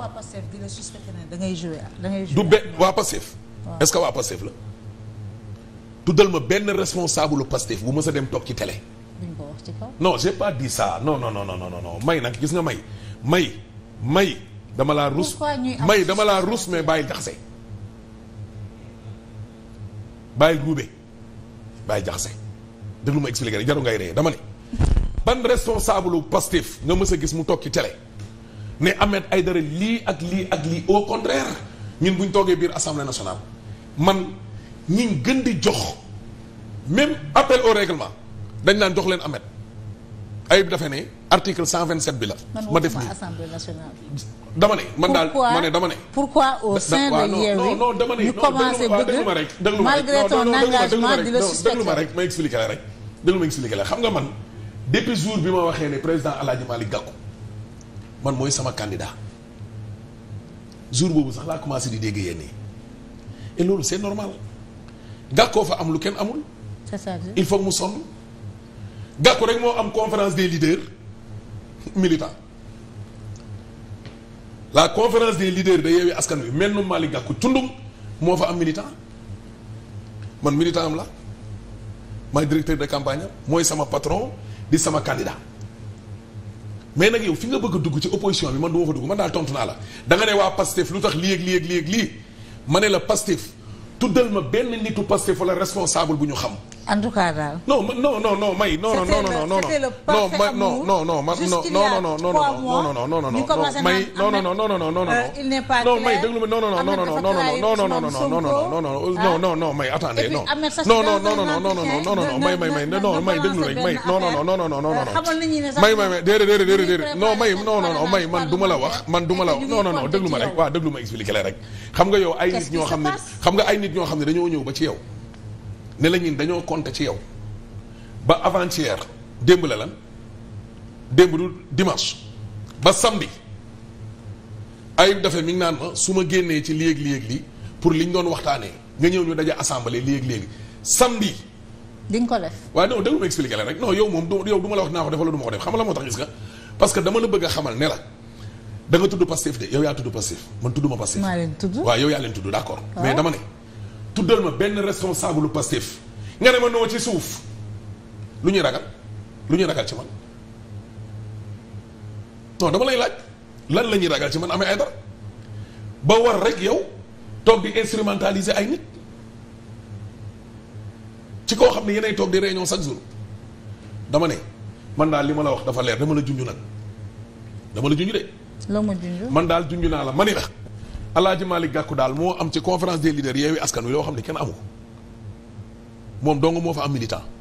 waa Pastef di la suspecté ne da ngay joué da ngay joué du be waa Pastef. est que waa Pastef la. tuddal ma benn responsable Pastef bu mës a dem toog ci télé. duñ ko pas dit ça non non non non may nag gis nga may may dama laa rus. may dama laa rus mais bàyyi jaxase. bàyyi ruube bàyyi jaxase déglu ma expliqué rek jarul ngay ree dama ne ban responsable Pastef nga mës gis mu toog ci télé. ne Ahmed Aïdara lii ak lii ak lii au contraire ñun bu ñu toogee biir assemblée nationale man ñiñ gën di jox même appel au règlement dañ naan jox leen Ahmed ayib dafa ne article 127 bi la. ma def nii dama ne. man daal ma ne dama ne. pourquoi au sein de Yewwi ñu commencé bëgg ma rek déglu ma rek ma expliqué la rek déglu ma expliqué la xam nga man depuis jour bi ma waxee ne président El Hadj Malick Gakou man mooy sama candidat jour boobu sax laa commencé di dégg yenn yi et loolu c'est normal gàkkoo fa am lu kenn amul. c'est ça il faut mu sonn gàkku rek moo am conférence des leaders militants la conférence des leaders da yeewee askan wi mel na Malick Gakou tundum moo fa am militant man militant am la maay directeur de campagne mooy sama patron di sama candidat. mais nag yow fi nga bëgg dugg ci opposition bi man du ma fa dugg man daal tontu naa la da nga ne waa Pastef lu tax lii ak lii ak lii ma ne la Pastef tuddal ma benn nitu Pastef wala responsable bu ñu xam. en tout cas daal. non non non non may no non non non non non non man non non non non non non non non non may non non non non non may déglu ma non non non non non non non non non non non may attendez non non non non may may may non may déglu rek may non man duma la wax man duma la non non non déglu ma rek waaw déglu ma expliquer la rek xam nga yow ay nit ñoo xam ne xam nga ay nit ñoo xam ne dañoo ñëw ba ci yow ne la ñun dañoo compter ci yow ba avant-hier démb la lan démb du dimanche ba samedi ayib dafa mi ngi naan ma ah, su ma génnee ci léeg-léeg li pour liñ doon waxtaanee nga ñëw ñu daje assemblée léeg-léeg samedi. di nga ko def. waaw non déglu ma expliqué la rek non yow moom du yow du ma la wax naa ko def wala ma ko def xam la moo tax gis nga parce que dama la bëgg a xamal ne la. da nga tudd passif de yow yaa tudd passif man tudduma passif. maa leen yaa leen tudd ne tuddal ma benn responsable lu Pastef nga ne ma noo ci suuf lu ñuy ragal lu ñuy ragal ci man non dama lay laaj lan la ñuy ragal ci man amee ay dara ba war rek yow toog di instrumentaliser ay nit ci koo xam ne yéenay toog di réunion chaque jour dama ne man daal li ma la wax dafa leer dama la junju nag dama la junj de. loo ma junj man daal junj naa la ma ni la. Alaaji Malick gàkku daal moo am ci conférence des leaders Yewwi Askan Wi loo xam ne kenn amu moom dong moo fa am militant.